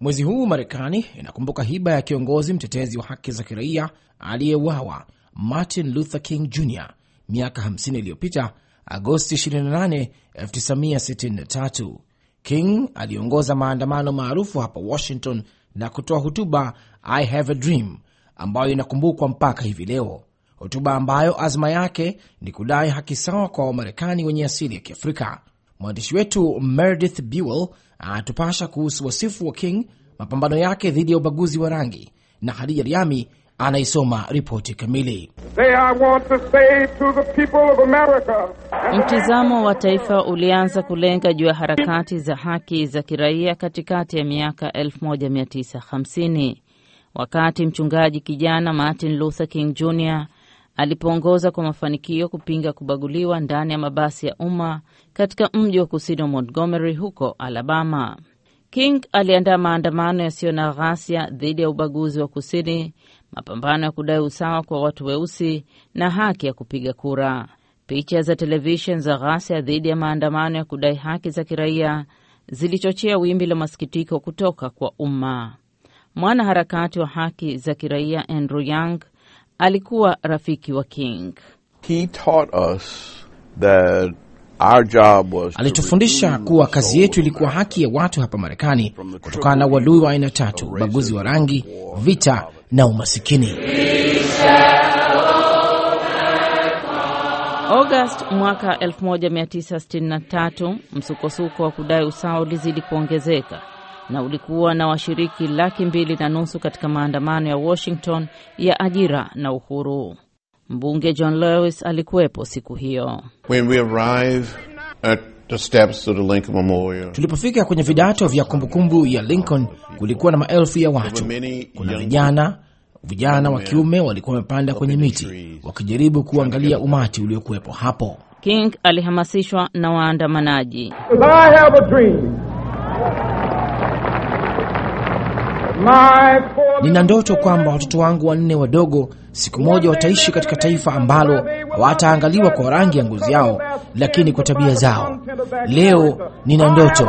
Mwezi huu Marekani inakumbuka hiba ya kiongozi mtetezi wa haki za kiraia aliyeuawa Martin Luther King Jr miaka 50 iliyopita Agosti 28, 1963. King aliongoza maandamano maarufu hapa Washington na kutoa hotuba I Have a Dream ambayo inakumbukwa mpaka hivi leo, hotuba ambayo azma yake ni kudai haki sawa kwa Wamarekani wenye asili ya Kiafrika Mwandishi wetu Meredith Buell anatupasha kuhusu wasifu wa King, mapambano yake dhidi ya ubaguzi wa rangi, na Hadija Riami anaisoma ripoti kamili. Mtizamo wa taifa ulianza kulenga juu ya harakati za haki za kiraia katikati ya miaka 1950 wakati mchungaji kijana Martin Luther King Jr alipoongoza kwa mafanikio kupinga kubaguliwa ndani ya mabasi ya umma katika mji wa kusini wa Montgomery huko Alabama. King aliandaa maandamano yasiyo na ghasia dhidi ya ubaguzi wa kusini, mapambano ya kudai usawa kwa watu weusi na haki ya kupiga kura. Picha za televishen za ghasia dhidi ya maandamano ya kudai haki za kiraia zilichochea wimbi la masikitiko kutoka kwa umma. Mwanaharakati wa haki za kiraia Andrew Young alikuwa rafiki wa King. He taught us that our job was, alitufundisha kuwa kazi yetu ilikuwa haki ya watu hapa Marekani kutokana na uadui wa aina tatu: ubaguzi wa rangi, vita na umasikini. August mwaka 1963 msukosuko wa kudai usawa ulizidi kuongezeka na ulikuwa na washiriki laki mbili na nusu katika maandamano ya Washington ya ajira na uhuru. Mbunge John Lewis alikuwepo siku hiyo. When we arrive at the steps of the Lincoln Memorial, tulipofika kwenye vidato vya kumbukumbu ya Lincoln kulikuwa na maelfu ya watu. Kuna vijana vijana wa kiume walikuwa wamepanda kwenye miti wakijaribu kuangalia umati uliokuwepo hapo. King alihamasishwa na waandamanaji. Nina ndoto kwamba watoto wangu wanne wadogo siku moja wataishi katika taifa ambalo wataangaliwa kwa rangi ya ngozi yao, lakini kwa tabia zao. Leo nina ndoto.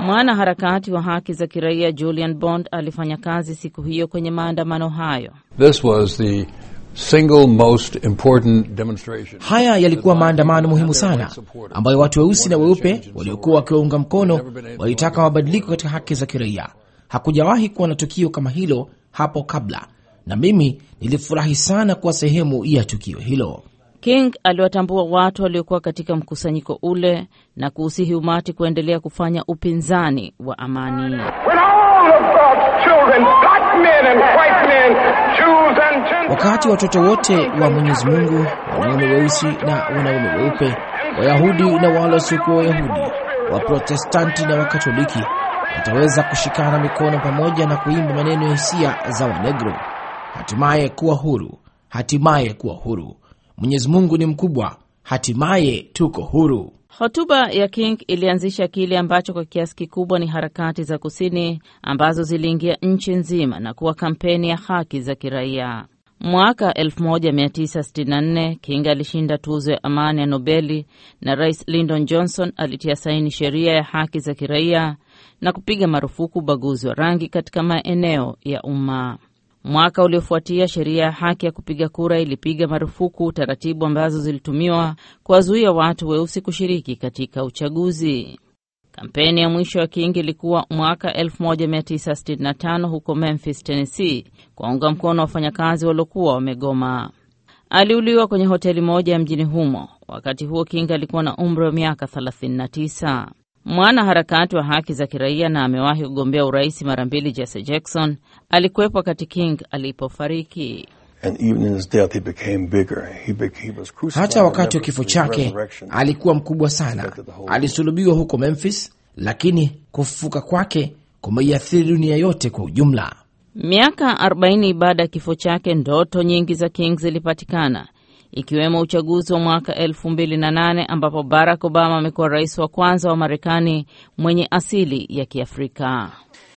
mwana harakati wa haki za kiraia Julian Bond alifanya kazi siku hiyo kwenye maandamano hayo. This was the Single most important demonstration. Haya yalikuwa maandamano muhimu sana ambayo watu weusi na weupe waliokuwa wakiwaunga mkono walitaka mabadiliko katika haki za kiraia. Hakujawahi kuwa na tukio kama hilo hapo kabla, na mimi nilifurahi sana kuwa sehemu ya tukio hilo. King aliwatambua watu waliokuwa katika mkusanyiko ule na kuusihi umati kuendelea kufanya upinzani wa amani. Wakati watoto wote wa Mwenyezi Mungu, wanaume weusi na wanaume weupe, Wayahudi na wale wasiokuwa Wayahudi, Waprotestanti na Wakatoliki wataweza kushikana mikono pamoja na kuimba maneno ya hisia za Wanegro. Hatimaye kuwa huru, hatimaye kuwa huru. Mwenyezi Mungu ni mkubwa, hatimaye tuko huru. Hotuba ya King ilianzisha kile ambacho kwa kiasi kikubwa ni harakati za kusini ambazo ziliingia nchi nzima na kuwa kampeni ya haki za kiraia. Mwaka 1964 King alishinda tuzo ya amani ya Nobeli na Rais Lyndon Johnson alitia saini sheria ya haki za kiraia na kupiga marufuku ubaguzi wa rangi katika maeneo ya umma. Mwaka uliofuatia sheria ya haki ya kupiga kura ilipiga marufuku taratibu ambazo zilitumiwa kuwazuia watu weusi kushiriki katika uchaguzi. Kampeni ya mwisho ya King ilikuwa mwaka 1965 huko Memphis, Tennessee, unga mkono wafanyakazi waliokuwa wamegoma. Aliuliwa kwenye hoteli moja ya mjini humo. Wakati huo King alikuwa na umri wa miaka 39 mwana harakati wa haki za kiraia na amewahi kugombea urais mara mbili, Jesse Jackson alikuwepo wakati King alipofariki. Hata wakati wa kifo chake alikuwa mkubwa sana. Alisulubiwa huko Memphis, lakini kufufuka kwake kumeiathiri dunia yote kwa ujumla. Miaka 40 baada ya kifo chake, ndoto nyingi za King zilipatikana ikiwemo uchaguzi wa mwaka 2008 ambapo Barack Obama amekuwa rais wa kwanza wa Marekani mwenye asili ya Kiafrika.